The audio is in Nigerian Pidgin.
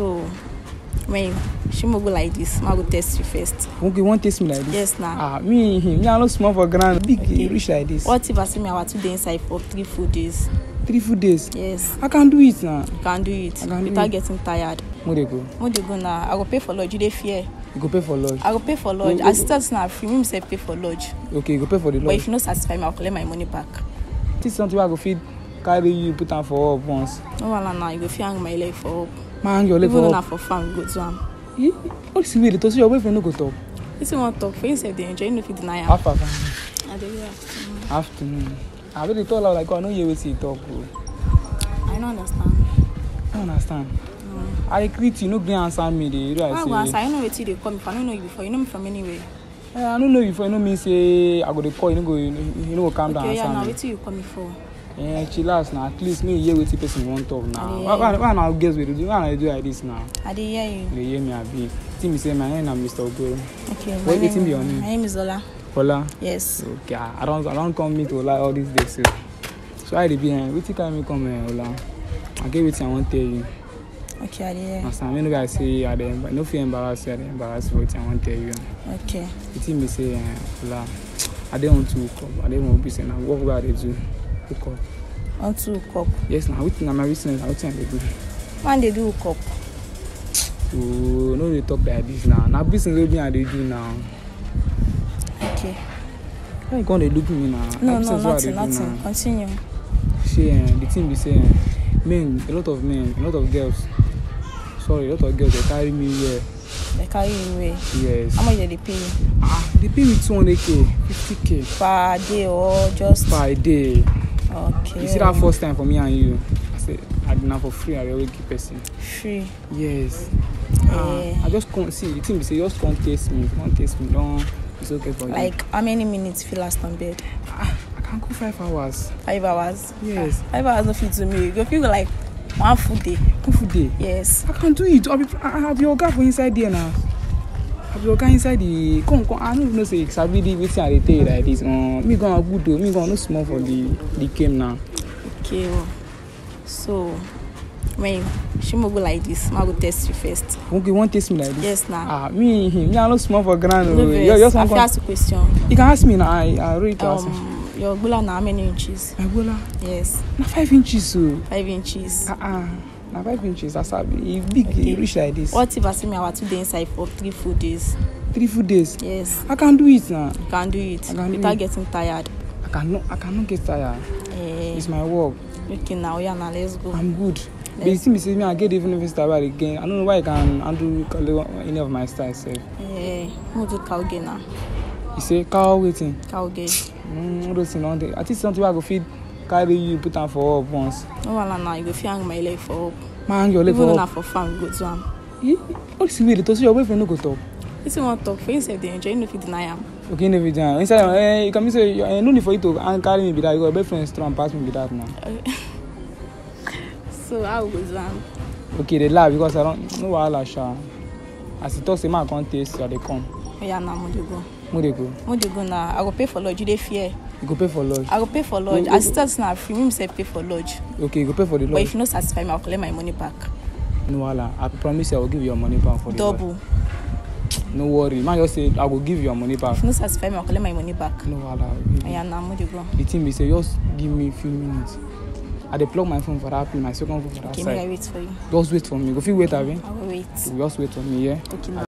so she shimo go like this ma go test you first. okay you wan test me like this. yes na. ah me hmm, me i no small for ground big okay. reach like this. what if i say me i two days? dey inside for three full days. three full days. yes. i can do it na. you can do it. i can do without it. getting tired. mo dey go. mo dey go na i go pay for lodge you dey fear. you go pay for lodge. i go pay for lodge oh, as oh, oh. it talk na free me say pay for lodge. okay you go pay for the lodge. but if you no satisfy me I'll collect my money back. this something wey i go fit carry you put on for up once. no wahala na you go fit hang my leg for up man your level even up. Even na for farm go do am. What is really to see your boyfriend no go talk? Wetin wan talk for himself dey enjoy, you no fit deny am. Half afternoon. I dey afternoon. Afternoon. Abi dey talk loud like oh, I no hear wetin you talk o. I no understand. I no understand. Mm. I greet you, no gree answer me dey. You go answer, I know wetin you dey call me for. I no know you before. You know me from anywhere. Eh, I no know you before. You know me say I go dey call you, no go you no go calm down answer me. Okay, yeah, na wetin you call me for? eh chillax na at least me you hear wetin person wan talk na why na girls wey dey do why na dey do like this na. i dey hear you. you dey hear me abi tell me say my name na mr ogboro. okay my name wetin be your name. my name is ola. ola. yes. okay ah, i don i don come meet ola all these days so so how e dey be eh wetin carry me come eh ola i get wetin i wan tell you. okay i dey hear. na sam make i say i dey i no fit embarrass you i dey embarrass you wetin i wan tell you. okay. wetin be say eh ola i dey want to work i dey want to be say na work wey i dey do hook up. want to hook up. yes na wetin na my reason na wetin i dey do. man dey do hook up. ooo no dey talk like this na na business wey me i dey do now. okay. why you come dey look me na. no no nothing nothing continue. shey um, the thing be say um, men a lot of men a lot of girls sorry a lot of girls dey carry me here. They carry you away. yes how much they dey pay you. ah dey pay me two hundred k fifty k. per day or just. per day. Okay. You see that first time for me and you? I said, I did not for free, I really keep person. Free? Yes. Uh, I just can't see, the thing You say just can't taste me, can't taste me, don't, it's okay for like, you. Like, how many minutes feel last on bed? Ah, I, can't go five hours. Five hours? Yes. Ah, five hours of it to me, you feel like one full day. One full day? Yes. I can't do it, I'll be, I, have your girl for inside there now as we go inside the come come i no even know say sabi the wetin i the tell like this um, me go a good o me go no small for the the game now. okay o oh. so she when go like this ma go test you first. okay you wan test me like this. yes now. ah me me i no small for ground o. Oh. no vex i fit ask a question. you can ask me now. i i ready to um, ask you. Um, your gola now. how many inches. my gola. yes. na five inches So. Oh. five inches. ah uh ah. -uh na five inches asabi e big e reach like this. what if me awa two dey inside for three full days. three full days. yes i can do it na. you can do it I can without do it. getting tired. i cannot i cannot get tired. Eh. it's my work. okay na oya na let's go. i'm good. Yes. but you see me say me i get even if different style again i no know why i can handle any of my style sef. eh no cow cowgate na. you say cow wetin. cowgate. Mm, all those things don dey i think something wey i go fit carry you put am for up once no wahala na you go fit hang my leg for up ma hang your leg for up even though na for farm you go do am what's the way to see your boyfriend no go talk wetin wan talk for himself dey enjoy you no fit deny am okay no fit deny am inside am eh you can mean say eh no need for you to hang carry me be that your boyfriend strong pass me be that now so how we go do am okay dey laugh because i don no wahala sha as he talk say ma come taste i dey come oya na mo dey go where dey go where dey go na i go pay for lodge you dey fear you go pay for lodge i go pay for lodge assistance na free me sef pay for lodge okay you go pay for the lodge but if you no satisfy me i go collect my money back no wahala i promise you i go give you your money back for the double lodge. no worry man just say i go give your money back. if you no satisfy me i go collect my money back. no wahala aya na mo dey go. the thing be say just give me few minutes i dey plug my phone for that pin my second phone for that okay, side okay make i wait for you. just wait for me you go fit wait abi. i go wait. just wait for me yeah. okay